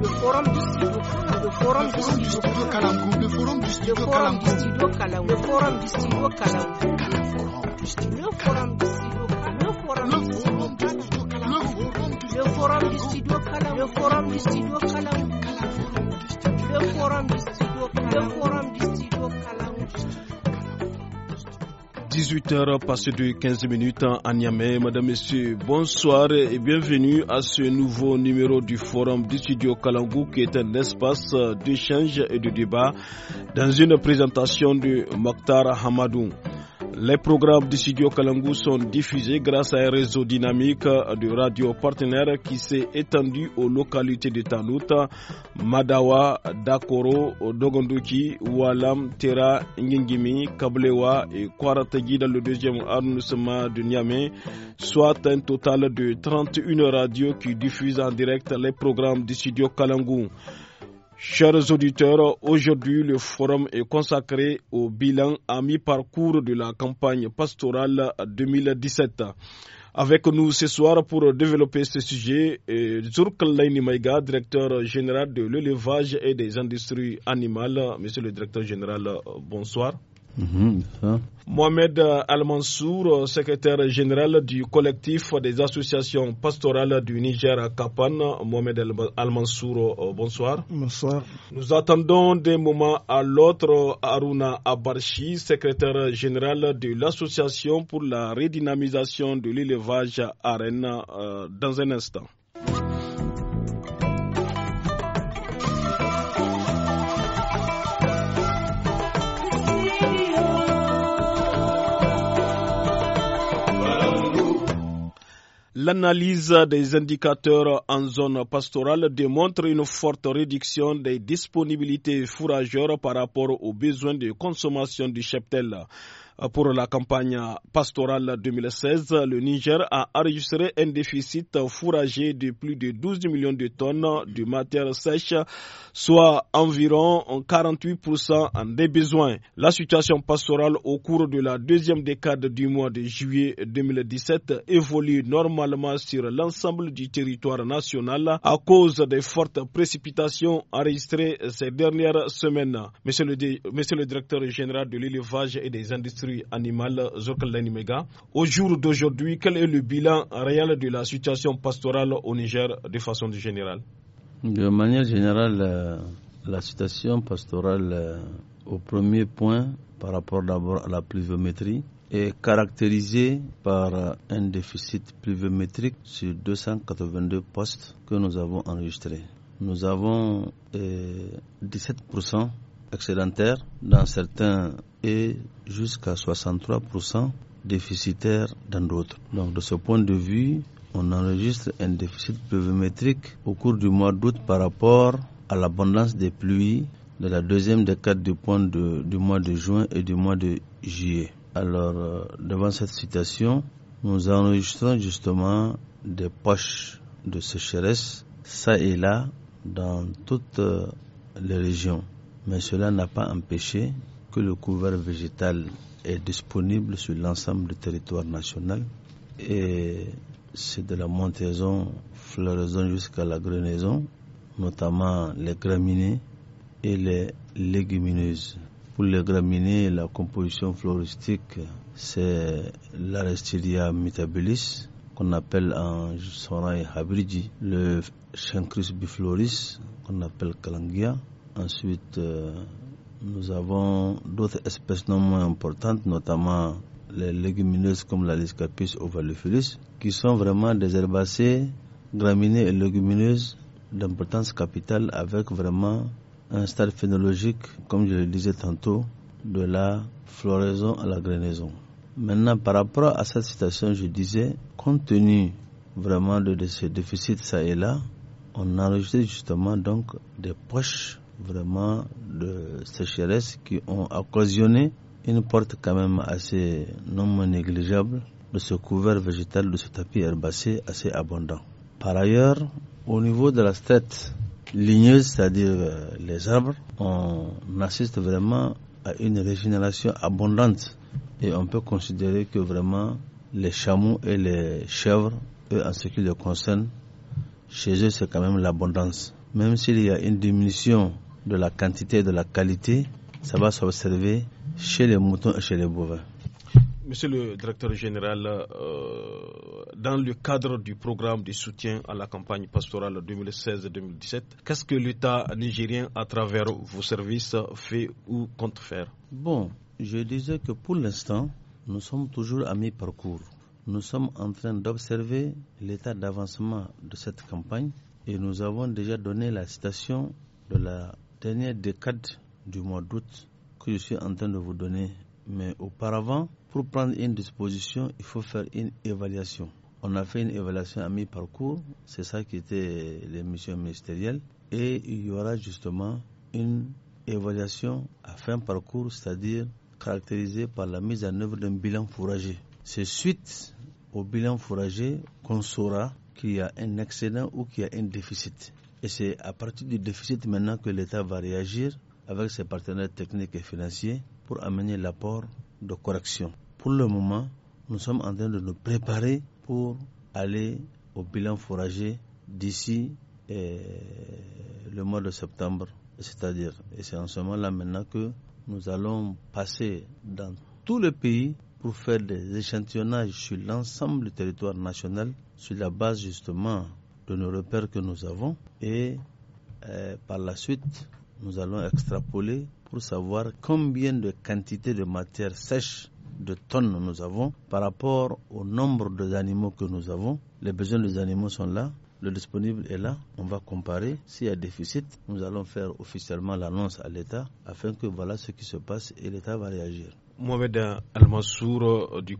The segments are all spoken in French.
The forum du studio le forum du studio Kalamkou the forum du the Kalamkou le forum du the forum, the forum du the forum, the forum du the forum, the forum du the forum, the forum du the Kalamkou le forum du studio Kalamkou le forum du the Kalamkou le forum du studio 18h passé de 15 minutes à Niamey. Madame, Messieurs, bonsoir et bienvenue à ce nouveau numéro du Forum du Studio Kalangou qui est un espace d'échange et de débat dans une présentation de Mokhtar Hamadou. Les programmes du studio Kalangu sont diffusés grâce à un réseau dynamique de radio partenaires qui s'est étendu aux localités de Tanouta, Madawa, Dakoro, Dogonduki, Walam, Tera, Ngingimi, Kablewa et Kwaratagi dans le deuxième arrondissement de Niamey, soit un total de 31 radios qui diffusent en direct les programmes du studio Kalangu. Chers auditeurs, aujourd'hui le forum est consacré au bilan à mi-parcours de la campagne pastorale 2017. Avec nous ce soir pour développer ce sujet, euh, Zurk Laini Maïga, directeur général de l'élevage et des industries animales. Monsieur le directeur général, euh, bonsoir. Mhm, Mohamed Al-Mansour, secrétaire général du collectif des associations pastorales du Niger à Kapan. Mohamed Al-Mansour, euh, bonsoir. Bonsoir. Nous attendons des moments à l'autre Aruna Abarchi, secrétaire général de l'association pour la redynamisation de l'élevage à Rennes, euh, dans un instant. L'analyse des indicateurs en zone pastorale démontre une forte réduction des disponibilités fourragères par rapport aux besoins de consommation du cheptel. Pour la campagne pastorale 2016, le Niger a enregistré un déficit fourragé de plus de 12 millions de tonnes de matière sèche, soit environ 48% en des besoins. La situation pastorale au cours de la deuxième décade du mois de juillet 2017 évolue normalement sur l'ensemble du territoire national à cause des fortes précipitations enregistrées ces dernières semaines. Monsieur le directeur général de l'élevage et des industries animal, animale Mega. Au jour d'aujourd'hui, quel est le bilan réel de la situation pastorale au Niger de façon générale De manière générale, euh, la situation pastorale, euh, au premier point, par rapport d'abord à la pluviométrie, est caractérisée par euh, un déficit pluviométrique sur 282 postes que nous avons enregistrés. Nous avons 17% dans certains et jusqu'à 63% déficitaires dans d'autres. Donc de ce point de vue, on enregistre un déficit pluviométrique au cours du mois d'août par rapport à l'abondance des pluies de la deuxième décade du point de, du mois de juin et du mois de juillet. Alors, euh, devant cette situation, nous enregistrons justement des poches de sécheresse, ça et là, dans toutes euh, les régions mais cela n'a pas empêché que le couvert végétal est disponible sur l'ensemble du territoire national et c'est de la montaison, floraison jusqu'à la grenaison, notamment les graminées et les légumineuses. Pour les graminées, la composition floristique, c'est l'aristidia metabolis, qu'on appelle en Sorai Habridi, le Chancrus bifloris, qu'on appelle calangia. Ensuite, euh, nous avons d'autres espèces non moins importantes, notamment les légumineuses comme la liscapis ovalophilus, qui sont vraiment des herbacées, graminées et légumineuses d'importance capitale avec vraiment un stade phénologique, comme je le disais tantôt, de la floraison à la grainaison. Maintenant, par rapport à cette citation, je disais, compte tenu vraiment de, ces ce déficit ça et là, on a enregistré justement donc des poches vraiment de sécheresse qui ont occasionné une porte quand même assez non négligeable de ce couvert végétal, de ce tapis herbacé assez abondant. Par ailleurs, au niveau de la strate ligneuse, c'est-à-dire euh, les arbres, on assiste vraiment à une régénération abondante et on peut considérer que vraiment les chameaux et les chèvres, eux, en ce qui les concerne, chez eux, c'est quand même l'abondance. Même s'il y a une diminution de la quantité et de la qualité, ça va s'observer chez les moutons et chez les bovins. Monsieur le directeur général, euh, dans le cadre du programme de soutien à la campagne pastorale 2016-2017, qu'est-ce que l'État nigérien, à travers vos services, fait ou compte faire Bon, je disais que pour l'instant, nous sommes toujours à mi-parcours. Nous sommes en train d'observer l'état d'avancement de cette campagne et nous avons déjà donné la citation de la dernière décade du mois d'août que je suis en train de vous donner. Mais auparavant, pour prendre une disposition, il faut faire une évaluation. On a fait une évaluation à mi-parcours, c'est ça qui était les missions ministérielles, et il y aura justement une évaluation à fin parcours, c'est-à-dire caractérisée par la mise en œuvre d'un bilan fourragé. C'est suite au bilan fourragé qu'on saura qu'il y a un excédent ou qu'il y a un déficit. Et c'est à partir du déficit maintenant que l'État va réagir avec ses partenaires techniques et financiers pour amener l'apport de correction. Pour le moment, nous sommes en train de nous préparer pour aller au bilan forager d'ici eh, le mois de septembre. C'est-à-dire, et c'est en ce moment-là maintenant que nous allons passer dans tout le pays pour faire des échantillonnages sur l'ensemble du territoire national sur la base justement de nos repères que nous avons et euh, par la suite, nous allons extrapoler pour savoir combien de quantités de matière sèche de tonnes nous avons par rapport au nombre d'animaux que nous avons. Les besoins des animaux sont là, le disponible est là, on va comparer. S'il y a déficit, nous allons faire officiellement l'annonce à l'État afin que voilà ce qui se passe et l'État va réagir. Mohamed El Massour, euh, du,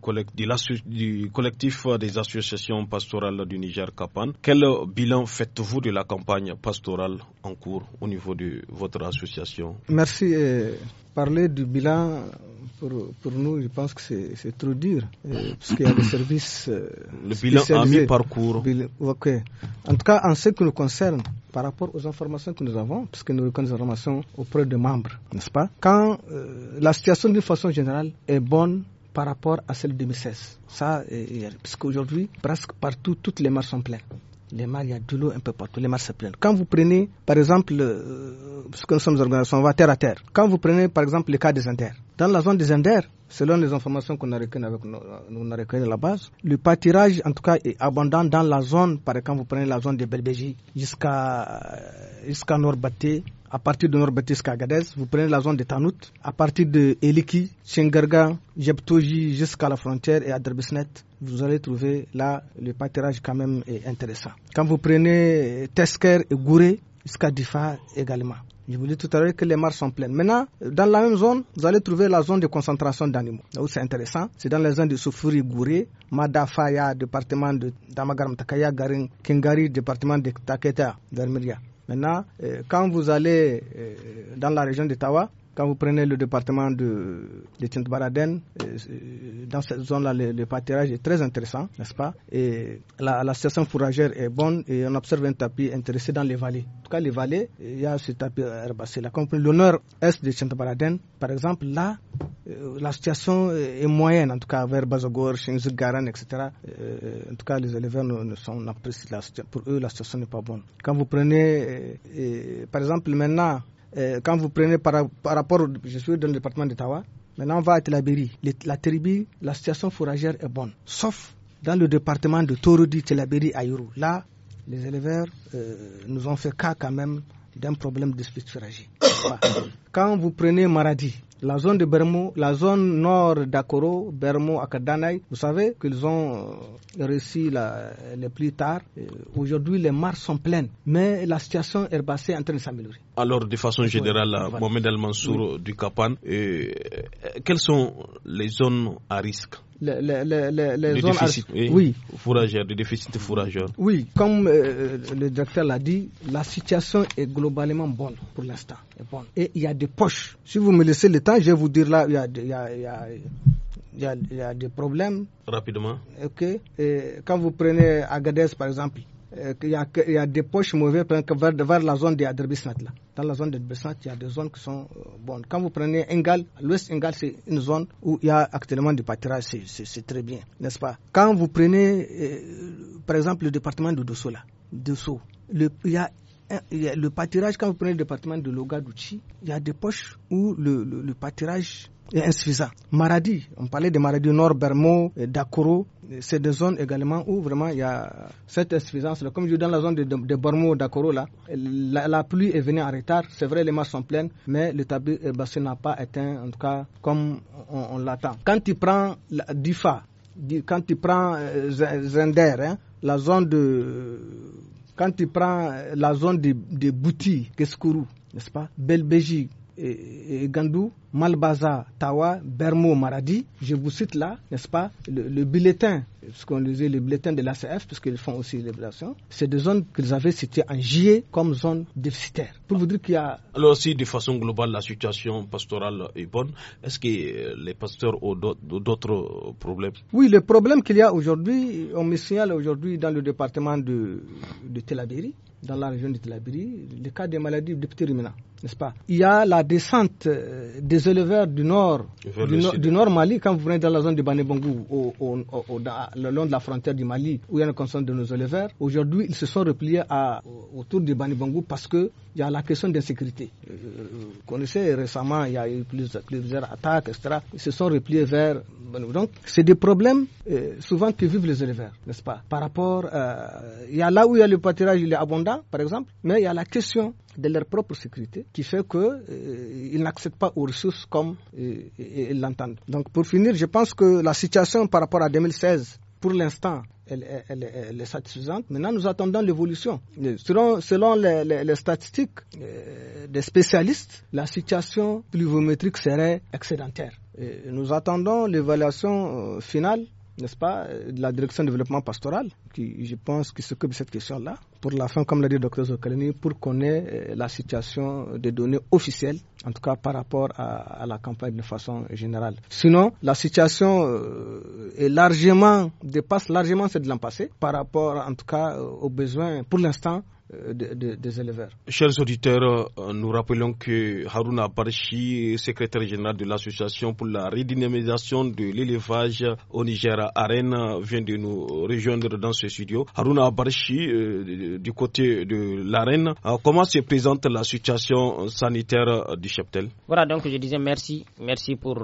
du, collectif des associations pastorales du Niger Kapan. Quel bilan faites-vous de la campagne pastorale en cours au niveau de votre association Merci. Euh, parler du bilan pour, pour nous, je pense que c'est trop dur, euh, parce qu'il y a des services. Euh, le bilan en mis parcours Ok. En tout cas, en ce qui nous concerne, par rapport aux informations que nous avons, puisque nous reconnaissons les informations auprès des membres, n'est-ce pas Quand euh, la situation d'une façon générale est bonne par rapport à celle de 2016, ça, parce qu'aujourd'hui, presque partout, toutes les marches sont pleines. Les mâles, il y a de l'eau un peu partout, les mâles se plaignent. Quand vous prenez, par exemple, euh, ce que nous sommes organisés, on va terre à terre. Quand vous prenez, par exemple, le cas des Indiens, dans la zone des Indiens, selon les informations qu'on a recueillies euh, avec à la base, le pâturage, en tout cas, est abondant dans la zone, par exemple, vous prenez la zone de Belbéji jusqu'à euh, jusqu'à baté à partir de Nord-Baté jusqu'à Gadez, vous prenez la zone de Tanout, à partir de Eliki, Chengarga, Jebtoji jusqu'à la frontière et à Derbisnet vous allez trouver là le pâturage quand même intéressant. Quand vous prenez euh, Tesker et Gouré, Skadifa également. Je vous dis tout à l'heure que les mares sont pleines. Maintenant, dans la même zone, vous allez trouver la zone de concentration d'animaux. où c'est intéressant, c'est dans les zones de Soufuri Gouré, Madafaya, département de Damagaram Takaya, Garin, Kingari, département de Taketa, Vermiria. Maintenant, euh, quand vous allez euh, dans la région de Tawa, quand vous prenez le département de, de baraden euh, euh, dans cette zone-là, le, pâturage est très intéressant, n'est-ce pas Et la, situation station fourragère est bonne et on observe un tapis intéressé dans les vallées. En tout cas, les vallées, il y a ce tapis herbacé. La prenez le nord-est de Tintbaraden, par exemple, là, euh, la situation est moyenne, en tout cas vers Bazogor, Garan, etc. en tout cas, les éleveurs ne, sont la, pour eux, la situation n'est pas bonne. Quand vous prenez, par exemple, maintenant, euh, quand vous prenez par, rapport, je suis dans le département d'Ottawa, maintenant on va à Telabéry. La la situation fourragère est bonne, sauf dans le département de Torodi, Telabéry, Ayuru. Là, les éleveurs euh, nous ont fait cas quand même d'un problème de spécificité. Quand vous prenez Maradi, la zone de Bermo, la zone nord d'Akoro, Bermo, Akadanaï, vous savez qu'ils ont euh, réussi le plus tard. Aujourd'hui, les mares sont pleines, mais la situation est est en train de s'améliorer. Alors, de façon générale, Mohamed Al-Mansour du Kapan, euh, quelles sont les zones à risque les, les, les oui, déficit Oui, comme euh, le directeur l'a dit, la situation est globalement bonne pour l'instant. Et il y a des poches. Si vous me laissez le temps, je vais vous dire là, il y a, des problèmes. Rapidement. Ok. Et quand vous prenez Agadez, par exemple, euh, il y, a, des poches mauvaises vers, vers la zone de Dans la zone de il y a des zones qui sont euh, bonnes. Quand vous prenez Engal, l'ouest Engal, c'est une zone où il y a actuellement du pâturage, c'est très bien, n'est-ce pas Quand vous prenez, euh, par exemple, le département de Dosso, Dosso le, il y a le pâturage, quand vous prenez le département de Logadouchi, il y a des poches où le, le, le pâturage est insuffisant. Maradi, on parlait de Maradi Nord, Bermo, euh, Dakoro, euh, c'est des zones également où vraiment il y a cette insuffisance. -là. Comme je dis dans la zone de, de, Dakoro, là, la, pluie est venue en retard. C'est vrai, les masses sont pleines, mais le tabou, euh, bassin n'a pas atteint, en tout cas, comme on, l'attend. Quand tu prends la, Difa, quand tu prends Zender, hein, la zone de. Quand tu prends la zone de, Bouti, Keskourou, n'est-ce pas belgique Gandou, Malbaza, Tawa, Bermo, Maradi. Je vous cite là, n'est-ce pas, le, le bulletin ce qu'on disait les bulletins de l'ACF, parce qu'ils font aussi l'évaluation, c'est des zones qu'ils avaient citées en GIE comme zones déficitaires. Pour vous dire qu'il y a... Alors si de façon globale la situation pastorale est bonne, est-ce que euh, les pasteurs ont d'autres problèmes Oui, le problème qu'il y a aujourd'hui, on me signale aujourd'hui dans le département de, de dans la région de Telabéry, le cas des maladies de petits n'est-ce pas Il y a la descente euh, des éleveurs du nord, du, nord Mali, quand vous venez dans la zone de Banébongo au, au, le long de la frontière du Mali, où il y a une concentration de nos éleveurs. Aujourd'hui, ils se sont repliés à, autour de Banibangou parce qu'il y a la question d'insécurité. Euh, vous connaissez récemment, il y a eu plusieurs, attaques, etc. Ils se sont repliés vers Banibangou. Donc, c'est des problèmes euh, souvent que vivent les éleveurs, n'est-ce pas Par rapport, euh, il y a là où il y a le pâturage, il est abondant, par exemple, mais il y a la question de leur propre sécurité qui fait qu'ils euh, n'accèdent pas aux ressources comme ils l'entendent. Donc, pour finir, je pense que la situation par rapport à 2016 pour l'instant, elle, est satisfaisante. Maintenant, nous attendons l'évolution. Selon, selon les, statistiques euh, des spécialistes, la situation pluviométrique serait excédentaire. nous attendons l'évaluation euh, finale, n'est-ce pas, euh, de la direction développement pastoral, qui, je pense, qui s'occupe de cette question-là pour la fin, comme l'a dit docteur Zokalini, pour qu'on ait euh, la situation des données officielles, en tout cas par rapport à, à la campagne de façon générale. Sinon, la situation euh, est largement, dépasse largement celle de l'an passé, par rapport en tout cas euh, aux besoins, pour l'instant, euh, des éleveurs. Chers auditeurs, euh, nous rappelons que Haruna Barshi, secrétaire général de l'Association pour la redynamisation de l'élevage au Niger à vient de nous rejoindre dans ce studio. Haruna Barshi, euh, du côté de l'Arène, comment se présente la situation sanitaire du cheptel Voilà, donc je disais merci. Merci pour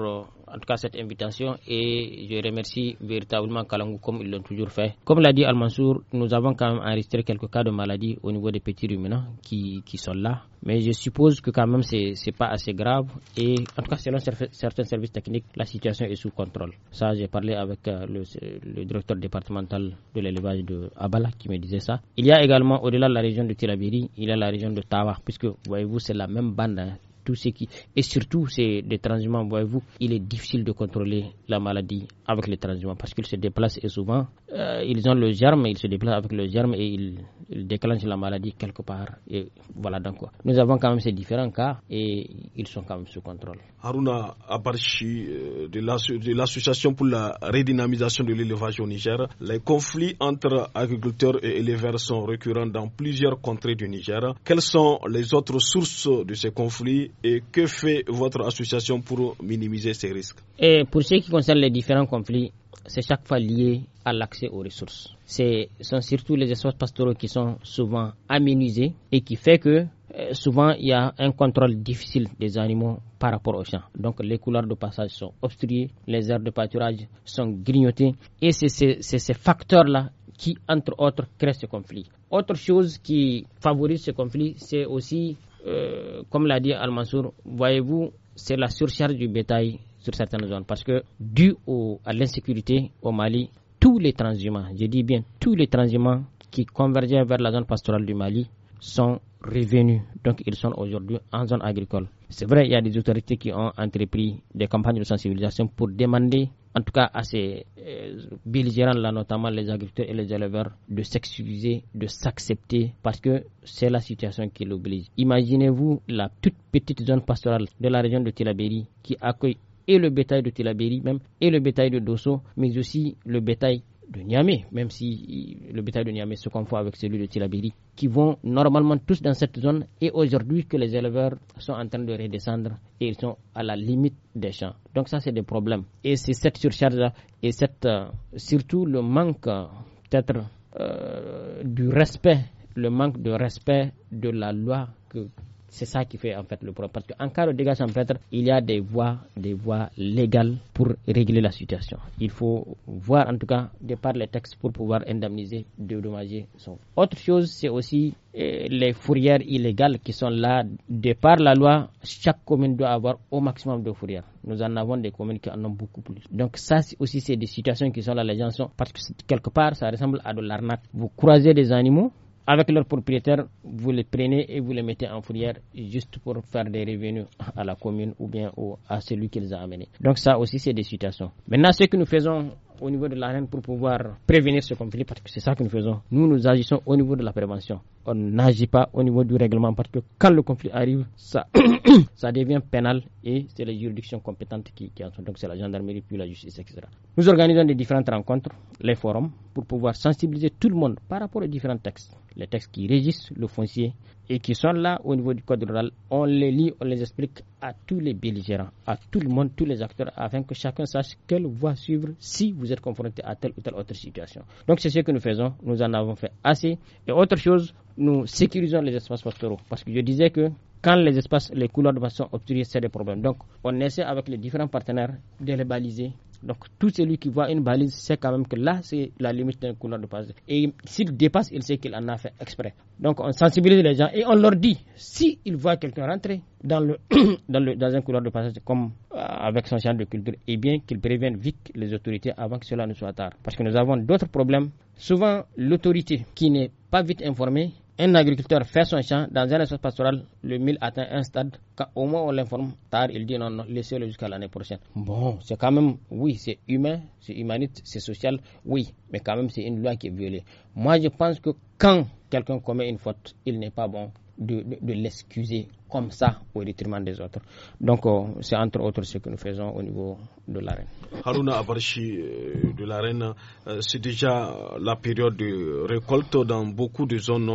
en tout cas cette invitation et je remercie véritablement Kalangou comme ils l'ont toujours fait. Comme l'a dit Al-Mansour, nous avons quand même enregistré quelques cas de maladie au niveau des petits ruminants qui, qui sont là. Mais je suppose que quand même, c'est n'est pas assez grave. Et en tout cas, selon certains services techniques, la situation est sous contrôle. Ça, j'ai parlé avec euh, le, directeur départemental de l'élevage de Abala qui me disait ça. Il y a également, au-delà de la région de Tirabiri, il y a la région de Tawa, puisque, voyez-vous, c'est la même bande. Hein ce qui. Et surtout, c'est des transhumants, voyez-vous, il est difficile de contrôler la maladie avec les transhumants parce qu'ils se déplacent et souvent, euh, ils ont le germe, ils se déplacent avec le germe et ils, déclenchent la maladie quelque part. Et voilà donc Nous avons quand même ces différents cas et ils sont quand même sous contrôle. Haruna partir euh, de l'Association pour la redynamisation de l'élevage au Niger, les conflits entre agriculteurs et éleveurs sont récurrents dans plusieurs contrées du Niger. Quelles sont les autres sources de ces conflits et que fait votre association pour minimiser ces risques et Pour ce qui concerne les différents conflits, c'est chaque fois lié à l'accès aux ressources. Ce sont surtout les espaces pastoraux qui sont souvent aménisés et qui fait que euh, souvent il y a un contrôle difficile des animaux par rapport aux champs. Donc les couloirs de passage sont obstrués, les aires de pâturage sont grignotées et c'est ces facteurs-là qui, entre autres, créent ce conflit. Autre chose qui favorise ce conflit, c'est aussi euh, comme l'a dit Al-Mansour, voyez-vous, c'est la surcharge du bétail sur certaines zones. Parce que, dû au, à l'insécurité au Mali, tous les transhumants, je dis bien tous les transhumants qui convergeaient vers la zone pastorale du Mali sont revenus. Donc, ils sont aujourd'hui en zone agricole. C'est vrai, il y a des autorités qui ont entrepris des campagnes de sensibilisation pour demander, en tout cas à ces euh, belligérants-là, notamment les agriculteurs et les éleveurs, de s'excuser, de s'accepter, parce que c'est la situation qui l'oblige. Imaginez-vous la toute petite zone pastorale de la région de Tilaberi qui accueille et le bétail de Tilaberi même, et le bétail de Dosso, mais aussi le bétail de Niamey, même si le bétail de Niamey se confond avec celui de Tilabiri, qui vont normalement tous dans cette zone et aujourd'hui que les éleveurs sont en train de redescendre et ils sont à la limite des champs. Donc ça c'est des problèmes. Et c'est cette surcharge et cette, euh, surtout le manque euh, peut-être euh, du respect, le manque de respect de la loi que c'est ça qui fait en fait le problème. Parce qu'en cas de dégâts champêtres, il y a des voies, des voies légales pour régler la situation. Il faut voir en tout cas, de par les textes, pour pouvoir indemniser, dédommager son. Autre chose, c'est aussi eh, les fourrières illégales qui sont là. De par la loi, chaque commune doit avoir au maximum de fourrières. Nous en avons des communes qui en ont beaucoup plus. Donc ça aussi, c'est des situations qui sont là. Les gens sont... Parce que quelque part, ça ressemble à de l'arnaque. Vous croisez des animaux, avec leur propriétaire, vous les prenez et vous les mettez en fourrière juste pour faire des revenus à la commune ou bien à celui qu'ils ont amené. Donc ça aussi, c'est des situations. Maintenant, ce que nous faisons au niveau de l'arène pour pouvoir prévenir ce conflit parce que c'est ça que nous faisons. Nous, nous agissons au niveau de la prévention. On n'agit pas au niveau du règlement parce que quand le conflit arrive, ça, ça devient pénal et c'est les juridictions compétentes qui, qui en sont. Donc c'est la gendarmerie, puis la justice, etc. Nous organisons des différentes rencontres, les forums, pour pouvoir sensibiliser tout le monde par rapport aux différents textes. Les textes qui régissent le foncier, et qui sont là au niveau du code rural, on les lit, on les explique à tous les belligérants, à tout le monde, tous les acteurs, afin que chacun sache quelle voie suivre si vous êtes confronté à telle ou telle autre situation. Donc c'est ce que nous faisons, nous en avons fait assez. Et autre chose, nous sécurisons les espaces pastoraux, parce que je disais que quand les espaces, les couleurs sont obturées, c'est des problèmes. Donc on essaie avec les différents partenaires de les baliser, donc tout celui qui voit une balise sait quand même que là, c'est la limite d'un couloir de passage. Et s'il dépasse, il sait qu'il en a fait exprès. Donc on sensibilise les gens et on leur dit, s'ils si voient quelqu'un rentrer dans, le, dans, le, dans un couloir de passage comme euh, avec son champ de culture, eh bien qu'ils préviennent vite les autorités avant que cela ne soit tard. Parce que nous avons d'autres problèmes. Souvent, l'autorité qui n'est pas vite informée un agriculteur fait son champ dans un espace pastoral, le mil atteint un stade, quand au moins on l'informe tard, il dit non, non, laissez-le jusqu'à l'année prochaine. Bon, c'est quand même, oui, c'est humain, c'est humaniste, c'est social, oui, mais quand même c'est une loi qui est violée. Moi, je pense que quand quelqu'un commet une faute, il n'est pas bon de, l'excuser comme ça au détriment des autres. Donc, euh, c'est entre autres ce que nous faisons au niveau de l'arène. Haruna Abarchi euh, de l'arène, reine euh, c'est déjà la période de récolte dans beaucoup de zones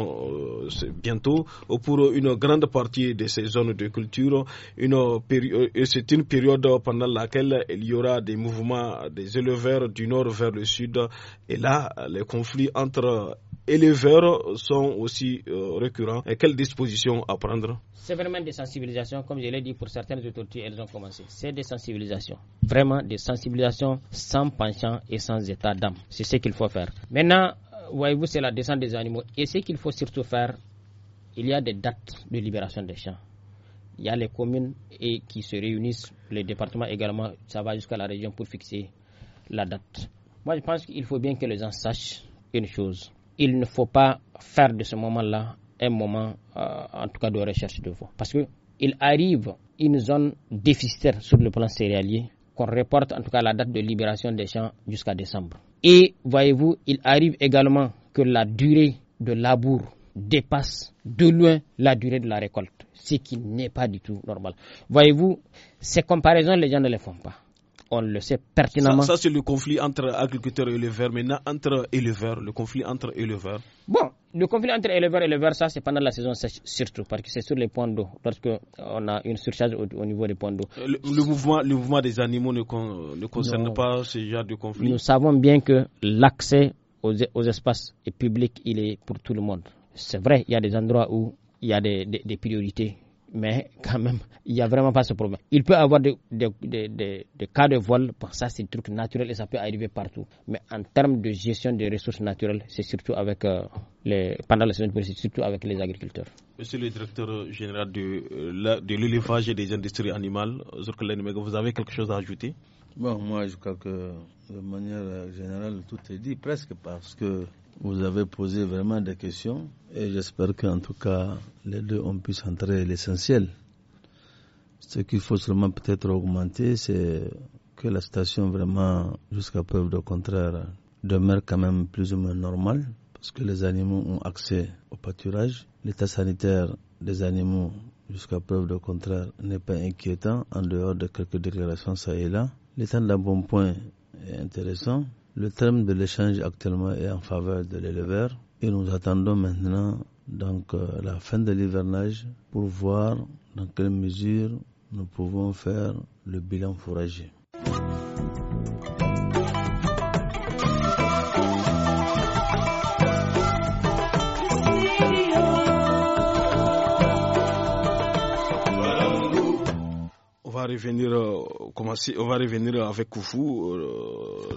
bientôt. Pour une grande partie de ces zones de culture, une c'est une période pendant laquelle il y aura des mouvements des éleveurs du nord vers le sud. Et là, les conflits entre et les vers sont aussi euh, récurrents et quelles dispositions à prendre C'est vraiment des sensibilisations, comme je l'ai dit, pour certaines autorités, elles ont commencé. C'est des sensibilisations, vraiment des sensibilisations sans penchant et sans état d'âme. C'est ce qu'il faut faire. Maintenant, euh, voyez-vous, c'est la descente des animaux. Et ce qu'il faut surtout faire, il y a des dates de libération des champs. Il y a les communes et qui se réunissent, les départements également, ça va jusqu'à la région pour fixer la date. Moi, je pense qu'il faut bien que les gens sachent une chose il ne faut pas faire de ce moment-là un moment, euh, en tout cas, de recherche de voix. Parce qu'il arrive une zone déficitaire sur le plan céréalier qu'on reporte, en tout cas, la date de libération des champs jusqu'à décembre. Et voyez-vous, il arrive également que la durée de labour dépasse de loin la durée de la récolte, ce qui n'est pas du tout normal. Voyez-vous, ces comparaisons, les gens ne les font pas on le sait pertinemment. Ça, c'est le conflit entre agriculteurs et éleveurs. Maintenant, entre éleveurs, le conflit entre éleveurs. Bon, le conflit entre éleveurs et éleveurs, ça, c'est pendant la saison sèche surtout, parce que c'est sur les points d'eau, parce qu'on a une surcharge au, niveau des points d'eau. Euh, le, mouvement, le mouvement des animaux ne, ne concerne pas ce genre de conflit. Nous savons bien que l'accès aux, espaces publics, il est pour tout le monde. C'est vrai, il y a des endroits où il y a des, des, des priorités mais quand même, il n'y a vraiment pas ce problème. Il peut y avoir des, cas de vol, ça c'est un truc naturel et ça peut arriver partout. Mais en termes de gestion des ressources naturelles, c'est surtout avec euh, les, pendant la surtout avec les agriculteurs. Monsieur le directeur général de, euh, de l'élevage et des industries animales, vous avez quelque chose à ajouter Bon, moi je crois que de manière générale tout est dit presque parce que vous avez posé vraiment des questions et j'espère qu'en tout cas, les deux, ont pu centrer l'essentiel. Ce qu'il faut seulement peut-être augmenter, c'est que la station vraiment, jusqu'à preuve de contraire, demeure quand même plus ou moins normale parce que les animaux ont accès au pâturage. L'état sanitaire des animaux, jusqu'à preuve de contraire, n'est pas inquiétant en dehors de quelques déclarations ça et là. L'état bon d'un point est intéressant le terme de l'échange actuellement est en faveur de l'éleveur et nous attendons maintenant donc euh, la fin de l'hivernage pour voir dans quelle mesure nous pouvons faire le bilan fourrager. revenir, euh, commencer, on va revenir avec Koufou, euh,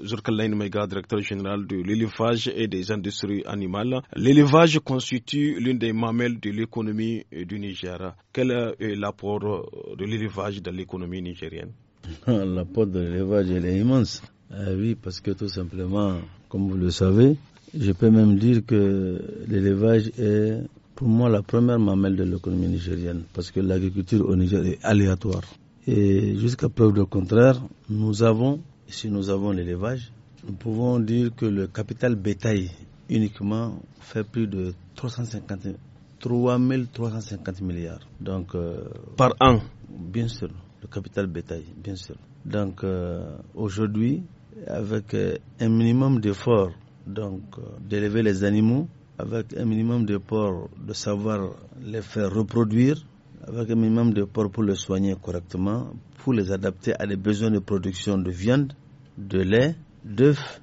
euh, Mega, directeur général de l'élevage et des industries animales. L'élevage constitue l'une des mamelles de l'économie du Niger. Quel est l'apport de l'élevage dans l'économie nigérienne L'apport de l'élevage est immense. Ah oui, parce que tout simplement, comme vous le savez, je peux même dire que l'élevage est pour moi la première mamelle de l'économie nigérienne, parce que l'agriculture au Niger est aléatoire. Et jusqu'à preuve du contraire, nous avons, si nous avons l'élevage, nous pouvons dire que le capital bétail uniquement fait plus de 350, 3 350 milliards. Donc, euh, Par an Bien sûr, le capital bétail, bien sûr. Donc, euh, aujourd'hui, avec euh, un minimum d'efforts, donc, d'élever les animaux, avec un minimum de porc, de savoir les faire reproduire, avec un minimum de porc pour les soigner correctement, pour les adapter à des besoins de production de viande, de lait, d'œufs.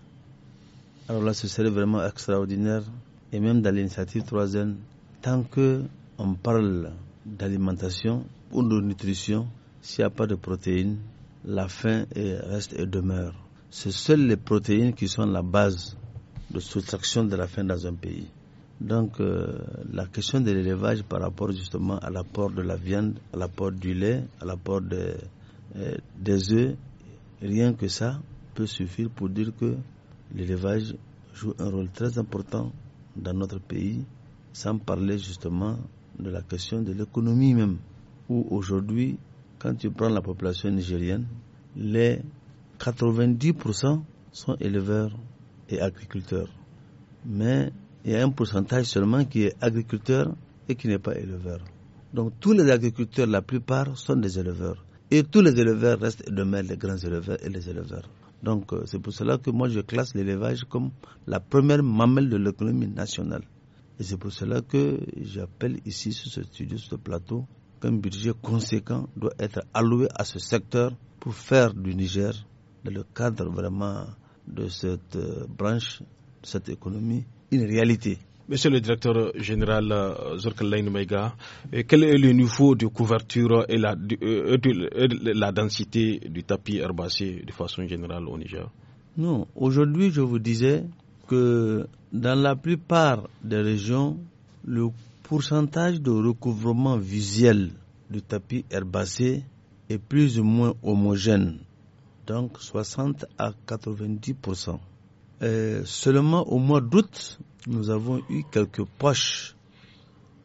Alors là, ce serait vraiment extraordinaire. Et même dans l'initiative 3N, tant qu'on parle d'alimentation ou de nutrition, s'il n'y a pas de protéines, la faim reste et demeure. Ce sont les protéines qui sont la base de soustraction de la faim dans un pays. Donc euh, la question de l'élevage par rapport justement à l'apport de la viande, à l'apport du lait, à l'apport euh, des œufs, rien que ça peut suffire pour dire que l'élevage joue un rôle très important dans notre pays, sans parler justement de la question de l'économie même, où aujourd'hui, quand tu prends la population nigérienne, les 90% sont éleveurs et agriculteurs. Mais il y a un pourcentage seulement qui est agriculteur et qui n'est pas éleveur. Donc tous les agriculteurs, la plupart, sont des éleveurs. Et tous les éleveurs restent demeurent les grands éleveurs et les éleveurs. Donc euh, c'est pour cela que moi je classe l'élevage comme la première mamelle de l'économie nationale. Et c'est pour cela que j'appelle ici sur ce studio, sur ce plateau, qu'un budget conséquent doit être alloué à ce secteur pour faire du Niger, dans le cadre vraiment de cette euh, branche, de cette économie, une réalité. Monsieur le directeur général euh, Zorka euh, quel est le niveau de couverture et la, euh, la densité du tapis herbacé de façon générale au Niger Non, aujourd'hui je vous disais que dans la plupart des régions, le pourcentage de recouvrement visuel du tapis herbacé est plus ou moins homogène, donc 60 à 90 euh, seulement au mois d'août, nous avons eu quelques poches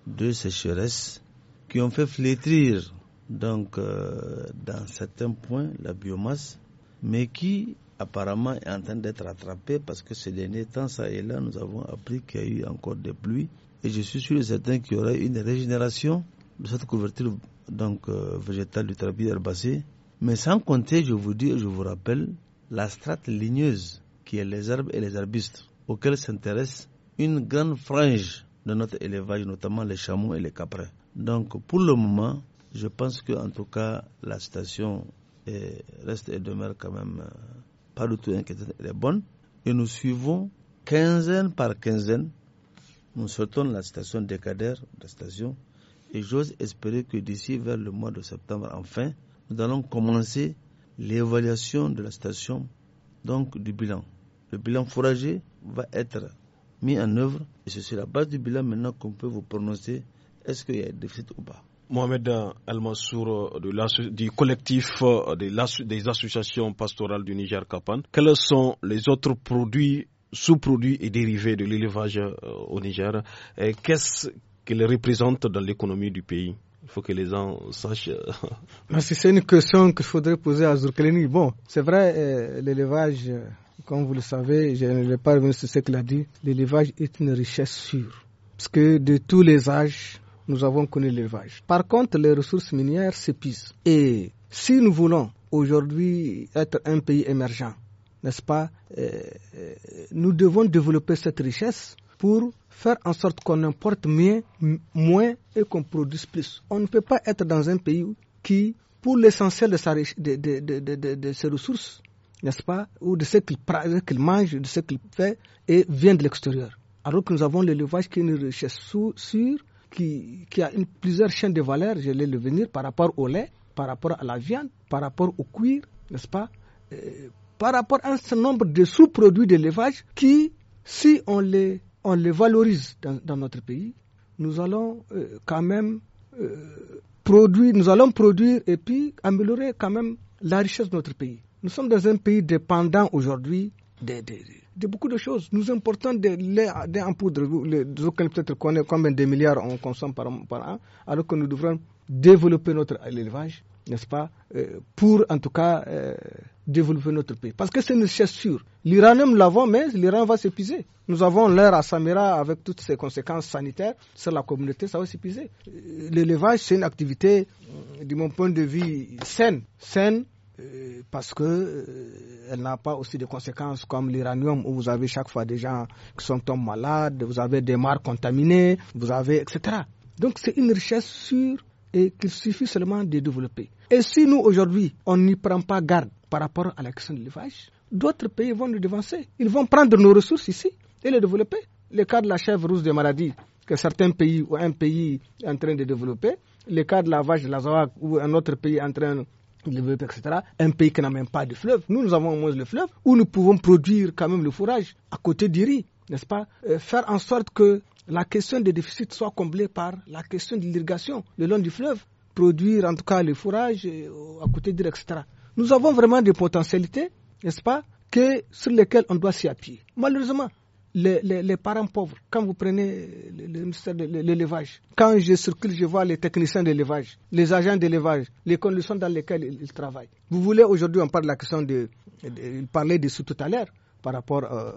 de sécheresse qui ont fait flétrir donc euh, dans certains points la biomasse, mais qui apparemment est en train d'être rattrapée parce que ces derniers temps, ça et là, nous avons appris qu'il y a eu encore des pluies et je suis sûr et certain qu'il y aura une régénération de cette couverture donc euh, végétale du tapis herbacé. Mais sans compter, je vous dis, je vous rappelle, la strate ligneuse qui est les herbes et les arbustes, auxquels s'intéresse une grande frange de notre élevage, notamment les chameaux et les caprins. Donc pour le moment, je pense que en tout cas la station reste et demeure quand même euh, pas du tout inquiétante, elle est bonne. Et nous suivons quinzaine par quinzaine, nous sortons la station décadaire, la station, et j'ose espérer que d'ici vers le mois de septembre, enfin, nous allons commencer l'évaluation de la station, donc du bilan. Le bilan fourragé va être mis en œuvre et c'est sur la base du bilan maintenant qu'on peut vous prononcer est-ce qu'il y a un déficit ou pas. Mohamed al Massour, euh, du collectif euh, des associations pastorales du Niger Kapan, quels sont les autres produits, sous-produits et dérivés de l'élevage euh, au Niger et qu'est-ce qu'ils représentent dans l'économie du pays il faut que les gens sachent. c'est une question qu'il faudrait poser à Zourkleni. Bon, c'est vrai, l'élevage comme vous le savez, je ne vais pas revenir sur ce qu'il a dit, l'élevage est une richesse sûre. Parce que de tous les âges, nous avons connu l'élevage. Par contre, les ressources minières s'épuisent. Et si nous voulons aujourd'hui être un pays émergent, n'est-ce pas, euh, euh, nous devons développer cette richesse pour faire en sorte qu'on importe moins et qu'on produise plus. On ne peut pas être dans un pays qui, pour l'essentiel de, de, ses ressources, n'est-ce pas, ou de ce qu'il mange, de ce qu'il fait, et vient de l'extérieur. Alors que nous avons l'élevage qui est une richesse sûre, qui, qui a une, plusieurs chaînes de valeur, je vais le venir, par rapport au lait, par rapport à la viande, par rapport au cuir, n'est-ce pas, par rapport à un certain nombre de sous-produits d'élevage qui, si on les, valorise dans, notre pays, nous allons euh, quand même euh, produire, nous allons produire et puis améliorer quand même la richesse de notre pays. Nous sommes dans un pays dépendant aujourd'hui de, beaucoup de choses. Nous importons des lait, des en poudre. peut-être connaissent combien de milliards on consomme par, an, alors que nous devrions développer notre élevage, n'est-ce pas, euh, pour en tout cas euh, développer notre pays. Parce que c'est une chaise sûre. L'Iran, nous l'avons, mais l'Iran va s'épuiser. Nous avons l'air à Samira avec toutes ses conséquences sanitaires sur la communauté, ça va s'épuiser. Euh, l'élevage, c'est une activité, de mon point de vue, saine. Saine euh, parce que euh, elle n'a pas aussi de conséquences comme l'uranium où vous avez chaque fois des gens qui sont tombés malades, vous avez des marques contaminées, vous avez etc. Donc c'est une richesse sûre et qu'il suffit seulement de développer. Et si nous aujourd'hui on n'y prend pas garde par rapport à la question de l'élevage, d'autres pays vont nous devancer. Ils vont prendre nos ressources ici et les développer. Le cas de la chèvre rousse des maladies que certains pays ou un pays est en train de développer, le cas de la vache de la Zawak ou un autre pays est en train de etc., un pays qui n'a même pas de fleuve, nous, nous avons au moins le fleuve, où nous pouvons produire quand même le fourrage à côté du riz, n'est-ce pas euh, Faire en sorte que la question des déficits soit comblée par la question de l'irrigation le long du fleuve, produire en tout cas le fourrage euh, à côté du riz, etc. Nous avons vraiment des potentialités, n'est-ce pas, que, sur lesquelles on doit s'y appuyer. Malheureusement, les, les, parents pauvres, quand vous prenez le, ministère de l'élevage, quand je circule, je vois les techniciens d'élevage, les agents d'élevage, les conditions dans lesquelles ils, travaillent. Vous voulez, aujourd'hui, on parle de la question de, de il parlait de tout à l'heure, par rapport euh,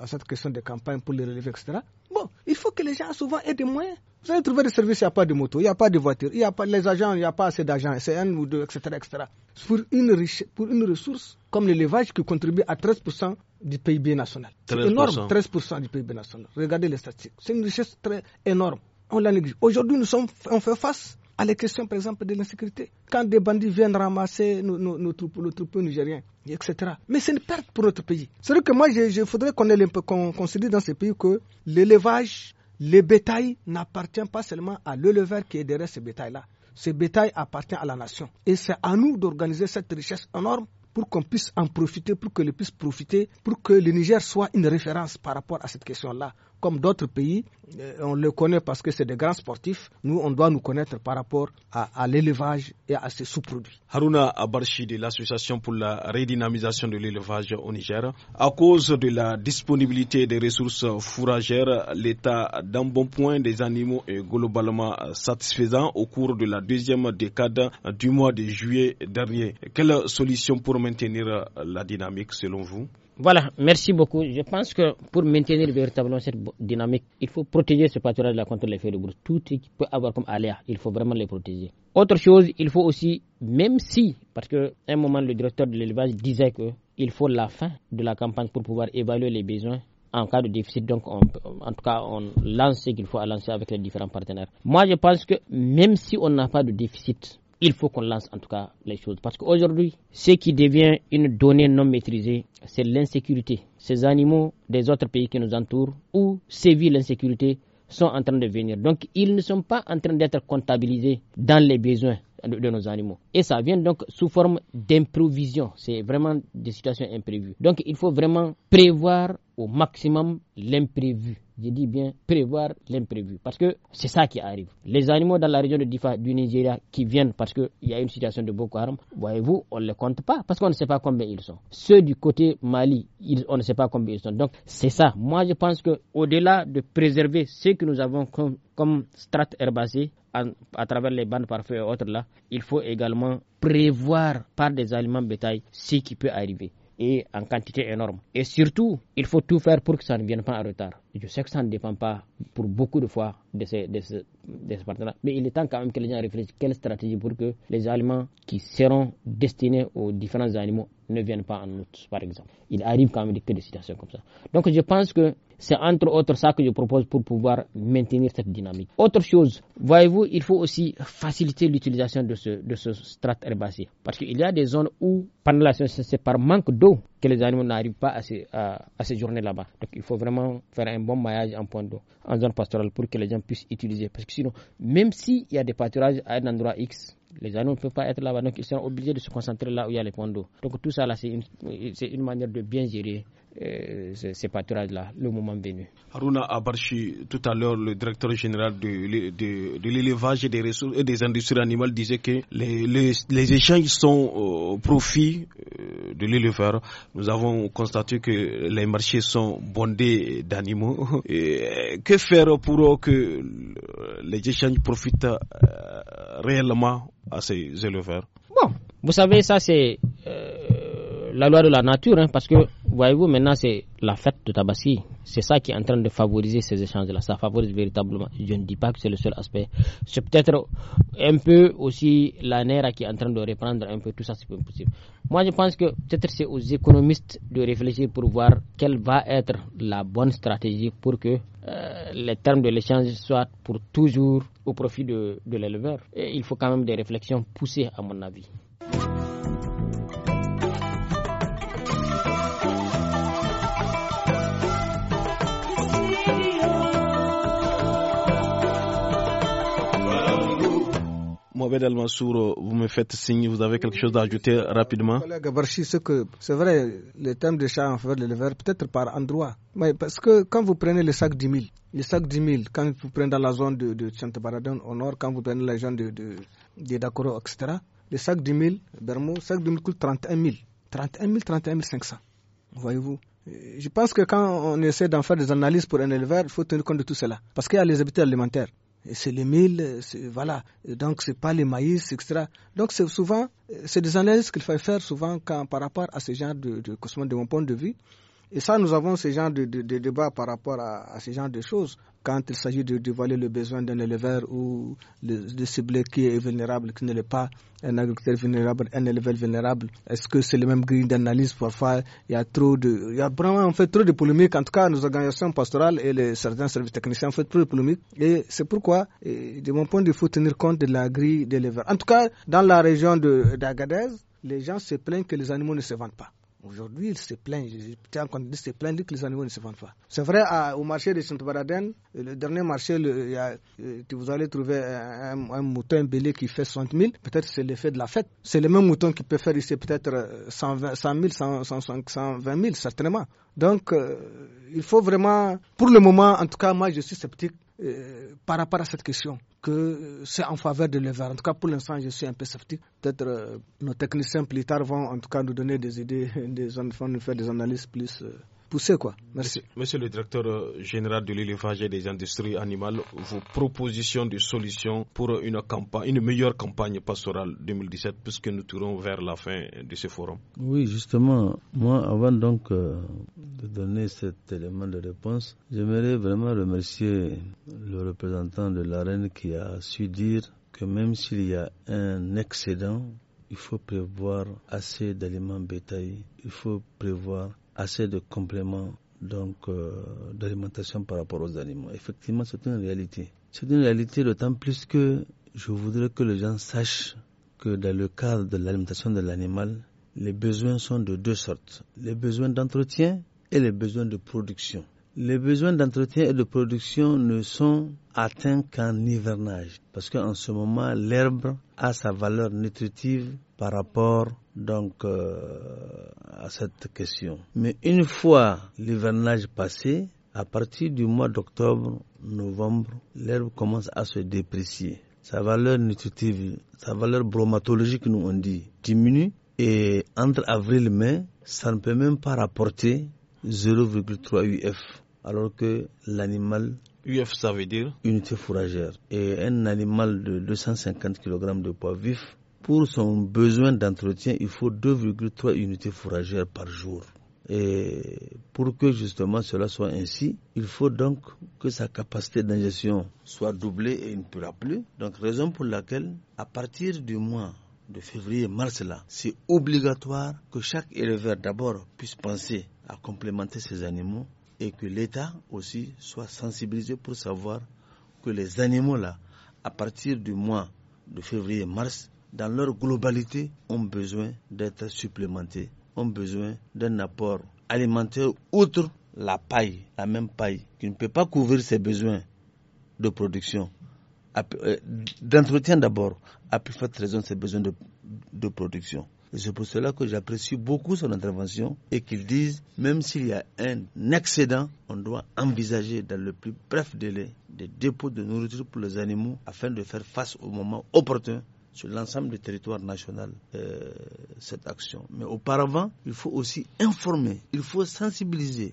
à cette question des campagnes pour les relevés, etc. Bon, il faut que les gens souvent aient des moyens. Vous allez trouver des services, il n'y a pas de moto, il n'y a pas de voiture, il n'y a pas les agents, il n'y a pas assez d'agents, c'est un ou deux, etc. etc. Pour, une pour une ressource comme l'élevage qui contribue à 13% du PIB national. énorme, 13% du PIB national. Regardez les statistiques. C'est une richesse très énorme. On l'a néglige. Aujourd'hui, nous sommes, on fait face à la question, par exemple, de l'insécurité. Quand des bandits viennent ramasser nos, nos, nos troupes, nos troupeaux nigériens, etc. Mais c'est une perte pour notre pays. C'est vrai que moi, je faudrait qu'on ait qu'on considère dans ces pays que l'élevage, les bétails n'appartient pas seulement à l'éleveur qui est derrière ces bétail-là. Ce bétail appartient à la nation. Et c'est à nous d'organiser cette richesse énorme pour qu'on puisse en profiter, pour que les puisse profiter, pour que le Niger soit une référence par rapport à cette question-là comme d'autres pays, euh, on le connaît parce que c'est des grands sportifs. Nous, on doit nous connaître par rapport à, l'élevage et à ses sous-produits. Haruna Abarchi de l'Association pour la redynamisation de l'élevage au Niger. À cause de la disponibilité des ressources fourragères, l'état d'un bon point des animaux est globalement satisfaisant au cours de la deuxième décade du mois de juillet dernier. Quelle solution pour maintenir la dynamique selon vous voilà, merci beaucoup. Je pense que pour maintenir véritablement cette dynamique, il faut protéger ce pâturage-là contre les de brousse. Tout ce qui peut avoir comme aléa, il faut vraiment les protéger. Autre chose, il faut aussi, même si, parce qu'à un moment, le directeur de l'élevage disait qu'il faut la fin de la campagne pour pouvoir évaluer les besoins en cas de déficit. Donc, en tout cas, on lance ce qu'il faut lancer avec les différents partenaires. Moi, je pense que même si on n'a pas de déficit, il faut qu'on lance en tout cas les choses. Parce qu'aujourd'hui, ce qui devient une donnée non maîtrisée, c'est l'insécurité. Ces animaux des autres pays qui nous entourent, où villes l'insécurité, sont en train de venir. Donc, ils ne sont pas en train d'être comptabilisés dans les besoins de nos animaux. Et ça vient donc sous forme d'improvision. C'est vraiment des situations imprévues. Donc il faut vraiment prévoir au maximum l'imprévu. Je dis bien prévoir l'imprévu parce que c'est ça qui arrive. Les animaux dans la région de Difa du Nigeria qui viennent parce qu'il y a une situation de Boko Haram, voyez-vous, on ne les compte pas parce qu'on ne sait pas combien ils sont. Ceux du côté Mali, ils, on ne sait pas combien ils sont. Donc c'est ça. Moi je pense que au-delà de préserver ce que nous avons comme, comme strate herbacée, à travers les bandes parfaites et autres là, il faut également prévoir par des aliments bétail ce qui peut arriver et en quantité énorme. Et surtout, il faut tout faire pour que ça ne vienne pas en retard. Je sais que ça ne dépend pas pour beaucoup de fois de ce, Mais il est temps quand même que les gens réfléchissent quelle stratégie pour que les aliments qui seront destinés aux différents animaux ne viennent pas en août, par exemple. Il arrive quand même que des situations comme ça. Donc je pense que c'est entre autres ça que je propose pour pouvoir maintenir cette dynamique. Autre chose, voyez-vous, il faut aussi faciliter l'utilisation de ce, de ce strat herbacé. Parce qu'il y a des zones où, la c'est par manque d'eau que les animaux n'arrivent pas à, se, à, séjourner là-bas. Donc il faut vraiment faire un bon maillage en point d'eau, en zone pastorale, pour que les gens puissent utiliser. Parce que sinon, même s'il y a des pâturages à un endroit X, les animaux ne peuvent pas être là-bas, donc ils sont obligés de se concentrer là où il y a les points d'eau. Donc tout ça, là, c'est une, manière de bien gérer euh, c'est pas tout là le moment venu. Haruna Abarchi, tout à l'heure, le directeur général de, de, l'élevage et des ressources et des industries animales disait que les, les, échanges sont au profit euh, de l'éleveur. Nous avons constaté que les marchés sont bondés d'animaux. Que faire pour que les échanges profitent euh, réellement à ces éleveurs Bon, vous savez, ça c'est la loi de la nature, hein, parce que, voyez-vous, maintenant, c'est la fête de Tabaski. C'est ça qui est en train de favoriser ces échanges-là. Ça favorise véritablement. Je ne dis pas que c'est le seul aspect. C'est peut-être un peu aussi la NERA qui est en train de reprendre un peu tout ça, c'est possible. Moi, je pense que peut-être c'est aux économistes de réfléchir pour voir quelle va être la bonne stratégie pour que euh, les termes de l'échange soient pour toujours au profit de, de l'éleveur. il faut quand même des réflexions poussées, à mon avis. Mohamed El mansour vous me faites signe, vous avez quelque chose à ajouter rapidement C'est vrai, le thème des chats en faveur de l'éleveur, peut-être par endroit. Mais parce que quand vous prenez le sac 10 000, le sac 10 000, quand vous prenez dans la zone de, de baradon au nord, quand vous prenez la zone de, de, de Dakoro, etc., le sac 10 000, Bermo, le sac 10 000 coûte 31 000. 31 000, 31 500. Voyez-vous je pense que quand on essaie d'en faire des analyses pour un éleveur, il faut tenir compte de tout cela. Parce qu'il y a les habitudes alimentaires c'est les milles, voilà. Donc c'est pas les maïs, etc. Donc c'est souvent, c'est des analyses qu'il faut faire souvent par rapport à ce genre de, de, de mon point de vue. Et ça, nous avons ce genre de, débat par rapport à, ce genre de choses. Quand il s'agit de dévoiler le besoin d'un éleveur ou de, cibler qui est vulnérable, qui ne l'est pas, un agriculteur vulnérable, un éleveur vulnérable, est-ce que c'est le même grille d'analyse Parfois, il y a trop de, il y a vraiment en fait trop de polémiques. En tout cas, nos organisations pastorales et les, certains services techniciens ont fait trop de polémiques. Et c'est pourquoi, de mon point de vue, il faut tenir compte de la grille d'éleveurs. En tout cas, dans la région d'Agadez, les gens se plaignent que les animaux ne se vendent pas. Aujourd'hui, ils se plaignent, j'étais en condition de se plaindre que les animaux ne se vendent pas. C'est vrai, au marché de Sainte-Baradène, euh, le dernier marché, euh, vous allez trouver un, un mouton belé qui fait 60 000, peut-être c'est l'effet de la fête. C'est le même mouton qui peut faire ici peut-être 100 000, 120 000, certainement. Donc, euh, il faut vraiment, pour le moment, en tout cas, moi je suis sceptique par rapport à cette question que c'est en faveur de l'Ever. En tout cas, pour l'instant, je suis un peu sceptique. Peut-être euh, nos techniciens plus tard vont en tout cas nous donner des idées, des, vont nous faire des analyses plus. Euh, pousser. Quoi. Merci. Monsieur le directeur euh, général de l'élevage et des industries animales, vos propositions de solutions pour une, campagne, une meilleure campagne pastorale 2017, puisque nous tournons vers la fin de ce forum. Oui, justement, moi, avant donc euh, de donner cet élément de réponse, j'aimerais vraiment remercier le représentant de reine qui a su dire que même s'il y a un excédent, il faut prévoir assez d'aliments bétail, il faut prévoir assez de compléments donc euh, d'alimentation par rapport aux animaux. Effectivement, c'est une réalité. C'est une réalité d'autant plus que je voudrais que les gens sachent que dans le cadre de l'alimentation de l'animal, les besoins sont de deux sortes. Les besoins d'entretien et les besoins de production. Les besoins d'entretien et de production ne sont atteints qu'en hivernage, parce qu'en ce moment, l'herbe a sa valeur nutritive par rapport donc euh, à cette question. Mais une fois l'hivernage passé, à partir du mois d'octobre, novembre, l'herbe commence à se déprécier. Sa valeur nutritive, sa valeur bromatologique, nous on dit, diminue et entre avril et mai, ça ne peut même pas rapporter 0,3 UF, alors que l'animal UF, ça veut dire Unité fourragère. Et un animal de 250 kg de poids vif pour son besoin d'entretien, il faut 2,3 unités fourragères par jour. Et pour que justement cela soit ainsi, il faut donc que sa capacité d'ingestion soit doublée et il ne pourra plus. Donc raison pour laquelle, à partir du mois de février-mars là, c'est obligatoire que chaque éleveur d'abord puisse penser à complémenter ses animaux et que l'État aussi soit sensibilisé pour savoir que les animaux là, à partir du mois de février-mars, dans leur globalité, ont besoin d'être supplémentés, ont besoin d'un apport alimentaire outre la paille, la même paille, qui ne peut pas couvrir ses besoins de production, euh, d'entretien d'abord, à plus forte raison ses besoins de, production. Et c'est pour cela que j'apprécie beaucoup son intervention et qu'il dise même s'il y a un excédent, on doit envisager dans le plus bref délai des dépôts de nourriture pour les animaux afin de faire face au moment opportun sur l'ensemble du territoire national euh, cette action. Mais auparavant, il faut aussi informer, il faut sensibiliser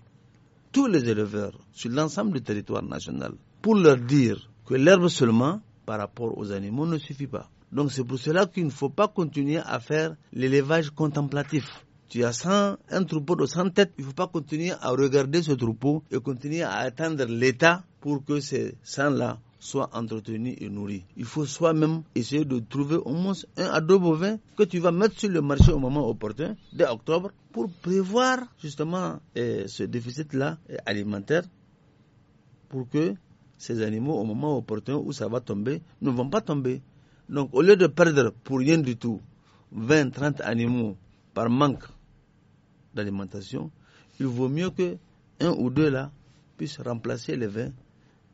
tous les éleveurs sur l'ensemble du territoire national pour leur dire que l'herbe seulement par rapport aux animaux ne suffit pas. Donc c'est pour cela qu'il ne faut pas continuer à faire l'élevage contemplatif. Tu as un troupeau de 100 têtes, il ne faut pas continuer à regarder ce troupeau et continuer à attendre l'État pour que ces 100-là soit entretenu et nourri. Il faut soi-même essayer de trouver au moins un à deux bovins que tu vas mettre sur le marché au moment opportun, dès octobre, pour prévoir justement eh, ce déficit-là eh, alimentaire pour que ces animaux, au moment opportun où ça va tomber, ne vont pas tomber. Donc, au lieu de perdre pour rien du tout 20, 30 animaux par manque d'alimentation, il vaut mieux que un ou deux là puissent remplacer les vins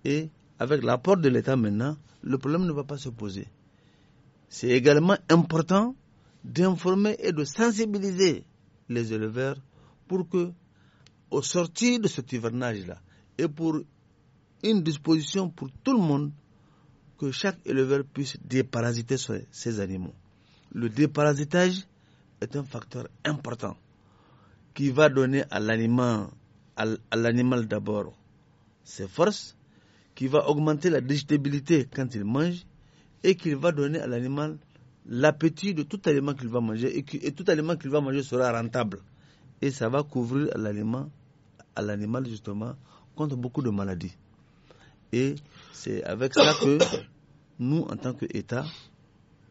et avec l'apport de l'État maintenant, le problème ne va pas se poser. C'est également important d'informer et de sensibiliser les éleveurs pour que, au sortir de ce hivernage-là, et pour une disposition pour tout le monde, que chaque éleveur puisse déparasiter ses animaux. Le déparasitage est un facteur important qui va donner à l'animal, à l'animal d'abord ses forces, qui va augmenter la digestibilité quand il mange et qu'il va donner à l'animal l'appétit de tout aliment qu'il va manger et, que, tout aliment qu'il va manger sera rentable. Et ça va couvrir l'aliment, à l'animal justement contre beaucoup de maladies. Et c'est avec ça que nous, en tant qu'État,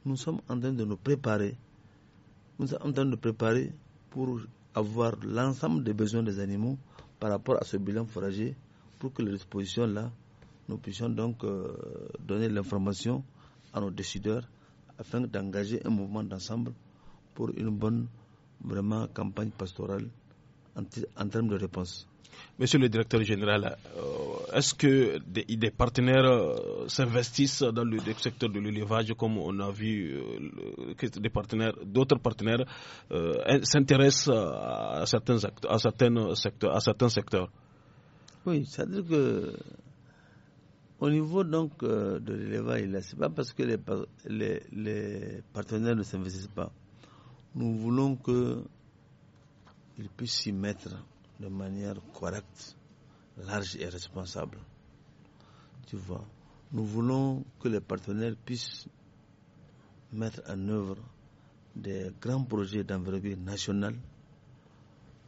nous sommes en train de nous préparer. Nous sommes en train de nous préparer pour avoir l'ensemble des besoins des animaux par rapport à ce bilan forager pour que les dispositions là nous puissions donc euh, donner l'information à nos décideurs afin d'engager un mouvement d'ensemble pour une bonne vraiment campagne pastorale en, termes de réponse. Monsieur le directeur général, euh, est-ce que des, partenaires euh, s'investissent dans le, secteur de l'élevage comme on a vu des partenaires, d'autres partenaires s'intéressent à à, certains secteurs, à certains secteurs Oui, c'est-à-dire que au niveau donc euh, de l'élevage, ce n'est pas parce que les, partenaires ne s'investissent pas. Nous voulons que qu'ils puissent s'y mettre de manière correcte, large et responsable. Tu vois, nous voulons que les partenaires puissent mettre en œuvre des grands projets d'envergure nationale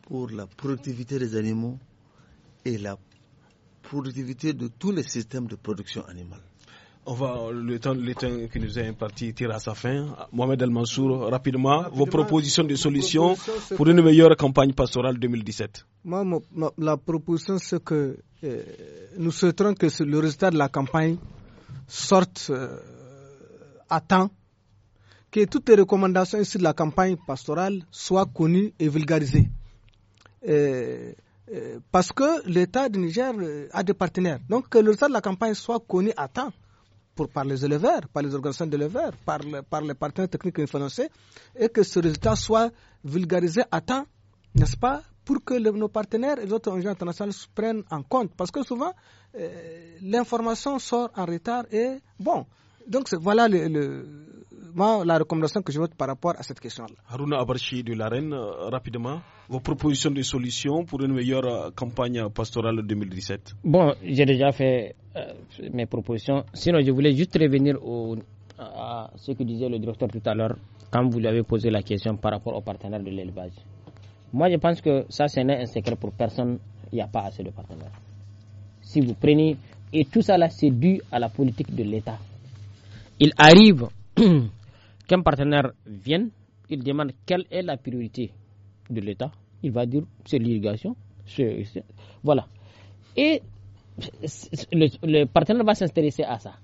pour la productivité des animaux et la productivité de tous les systèmes de production animale. On va, le temps, le temps qui nous est imparti tire à sa fin. Mohamed El Mansour, rapidement, vos propositions de solutions pour une meilleure campagne pastorale 2017. Moi, la proposition, c'est que euh, nous souhaiterons que le résultat de la campagne sorte euh, à temps, que toutes les recommandations issues de la campagne pastorale soient connues et vulgarisées. Euh, euh, parce que l'État du Niger euh, a des partenaires. Donc que le résultat de la campagne soit connu à temps par les éleveurs, par les organisations d'éleveurs, par, les partenaires techniques et financiers, et que ce résultat soit vulgarisé à temps, n'est-ce pas, pour que nos partenaires et les autres organisations internationales se prennent en compte. Parce que souvent, euh, l'information sort en retard et, bon, donc voilà le, la recommandation que je vote par rapport à cette question-là. Haruna Abarchi de la euh, rapidement, vos propositions de solutions pour une meilleure euh, campagne pastorale 2017 Bon, j'ai déjà fait euh, mes propositions. Sinon, je voulais juste revenir à ce que disait le directeur tout à l'heure quand vous lui avez posé la question par rapport aux partenaires de l'élevage. Moi, je pense que ça, ce n'est un secret pour personne. Il n'y a pas assez de partenaires. Si vous prenez. Et tout ça, c'est dû à la politique de l'État il arrive qu'un partenaire vienne, il demande quelle est la priorité de l'État. Il va dire c'est l'irrigation. Voilà. Et le, partenaire va s'intéresser à ça.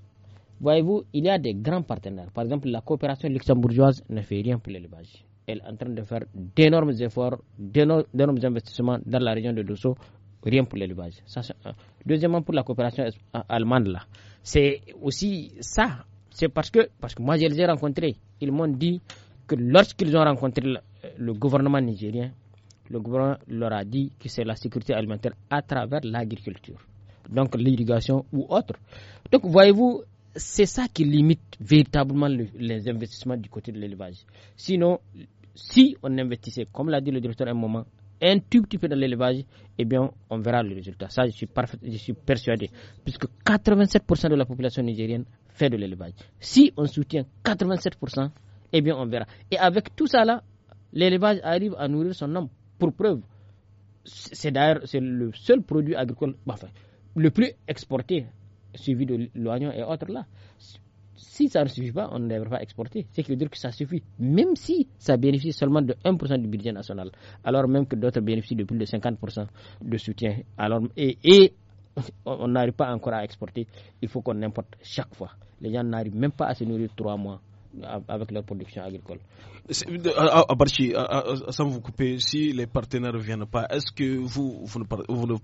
Voyez-vous, il y a des grands partenaires. Par exemple, la coopération luxembourgeoise ne fait rien pour l'élevage. Elle est en train de faire d'énormes efforts, d'énormes investissements dans la région de Dosso, rien pour l'élevage. Deuxièmement, pour la coopération allemande, là, c'est aussi ça c'est parce que, parce que moi, je les ai rencontrés. Ils m'ont dit que lorsqu'ils ont rencontré le, gouvernement nigérien, le gouvernement leur a dit que c'est la sécurité alimentaire à travers l'agriculture, donc l'irrigation ou autre. Donc, voyez-vous, c'est ça qui limite véritablement les investissements du côté de l'élevage. Sinon, si on investissait, comme l'a dit le directeur à un moment, un tout petit peu dans l'élevage, eh bien, on verra le résultat. Ça, je suis, parfait, je suis persuadé. Puisque 87% de la population nigérienne fait de l'élevage. Si on soutient 87%, eh bien, on verra. Et avec tout ça là, l'élevage arrive à nourrir son homme. Pour preuve, c'est d'ailleurs c'est le seul produit agricole, enfin, le plus exporté, suivi de l'oignon et autres là si ça ne suffit pas, on ne devrait pas exporter. Ce qui veut dire que ça suffit, même si ça bénéficie seulement de 1% du budget national, alors même que d'autres bénéficient de plus de 50% de soutien. Alors, et, on n'arrive pas encore à exporter, il faut qu'on importe chaque fois. Les gens n'arrivent même pas à se nourrir trois mois avec leur production agricole. Abarchi, sans vous couper, si les partenaires ne viennent pas, est-ce que vous,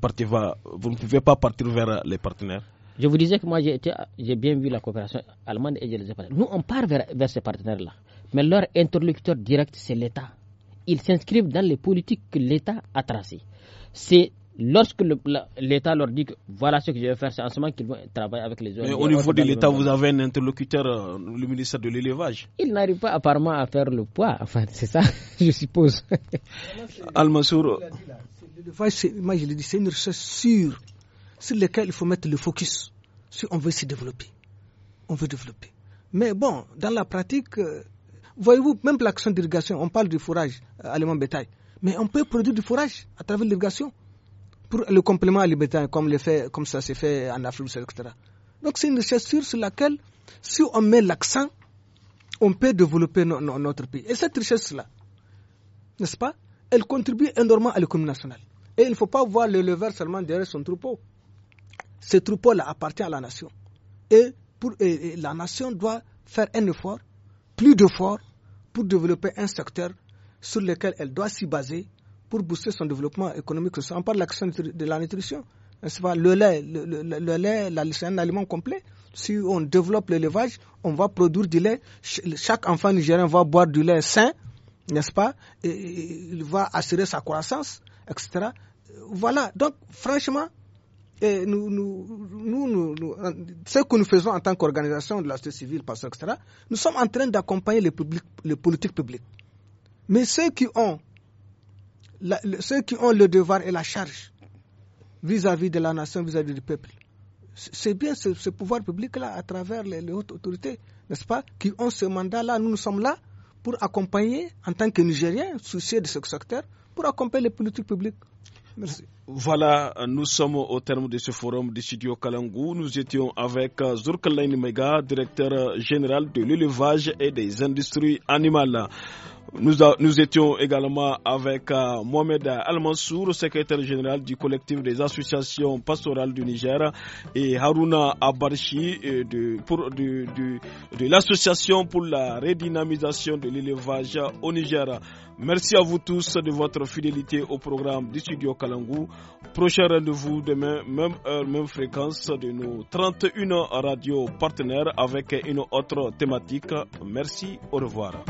partez pas, vous ne pouvez pas partir vers les partenaires je vous disais que moi, j'ai bien vu la coopération allemande et je les ai Nous, on part vers, ces partenaires-là. Mais leur interlocuteur direct, c'est l'État. Ils s'inscrivent dans les politiques que l'État a tracées. C'est lorsque l'État leur dit que voilà ce que je vais faire, c'est en ce moment qu'ils vont travailler avec les autres. Mais au niveau de l'État, vous avez un interlocuteur, euh, le ministère de l'Élevage. Il n'arrive pas apparemment à faire le poids, enfin, c'est ça, je suppose. Al-Mansour. moi je l'ai dit, c'est une recherche sûre sur laquelle il faut mettre le focus si on veut s'y développer. On veut développer. Mais bon, dans la pratique, euh, voyez-vous, même l'action d'irrigation, on parle du fourrage euh, aliment bétail. Mais on peut produire du fourrage à travers l'irrigation pour le complément alimentaire, comme, le fait, comme ça s'est fait en Afrique, etc. Donc c'est une richesse sur laquelle, si on met l'accent, on peut développer notre pays. Et cette richesse-là, n'est-ce pas, elle contribue énormément à l'économie nationale. Et il ne faut pas voir l'éleveur seulement derrière son troupeau ce troupeau-là appartient à la nation. Et, pour, la nation doit faire un effort, plus d'efforts, pour développer un secteur sur lequel elle doit s'y baser pour booster son développement économique. On parle de l'action de la nutrition. Le lait, le, le lait c'est un aliment complet. Si on développe l'élevage, on va produire du lait. Chaque enfant nigérien va boire du lait sain, n'est-ce pas Et Il va assurer sa croissance, etc. Voilà. Donc, franchement, et nous, euh, ce que nous faisons en tant qu'organisation de la société civile, parce etc., nous sommes en train d'accompagner les, les, politiques publiques. Mais ceux qui ont, ceux qui ont le devoir et la charge vis-à-vis de la nation, vis-à-vis du peuple, c'est bien ce, pouvoir public-là, à travers les, hautes autorités, n'est-ce pas, qui ont ce mandat-là. Nous, nous sommes là pour accompagner, en tant que Nigériens, souciés de ce secteur, pour accompagner les politiques publiques. Merci. Voilà, nous sommes au terme de ce forum de Studio Kalangou. Nous étions avec euh, Zurkalain Mega, directeur euh, général de l'élevage et des industries animales. Nous, étions également avec euh, Mohamed Al-Mansour, secrétaire général du collectif des associations pastorales du Niger, et Haruna Abarchi euh, de, de l'association pour la redynamisation de l'élevage au Niger. Merci à vous tous de votre fidélité au programme du studio Kalangou. Prochain rendez-vous demain, même heure, même fréquence de nos 31 radios partenaires avec une autre thématique. Merci, au revoir.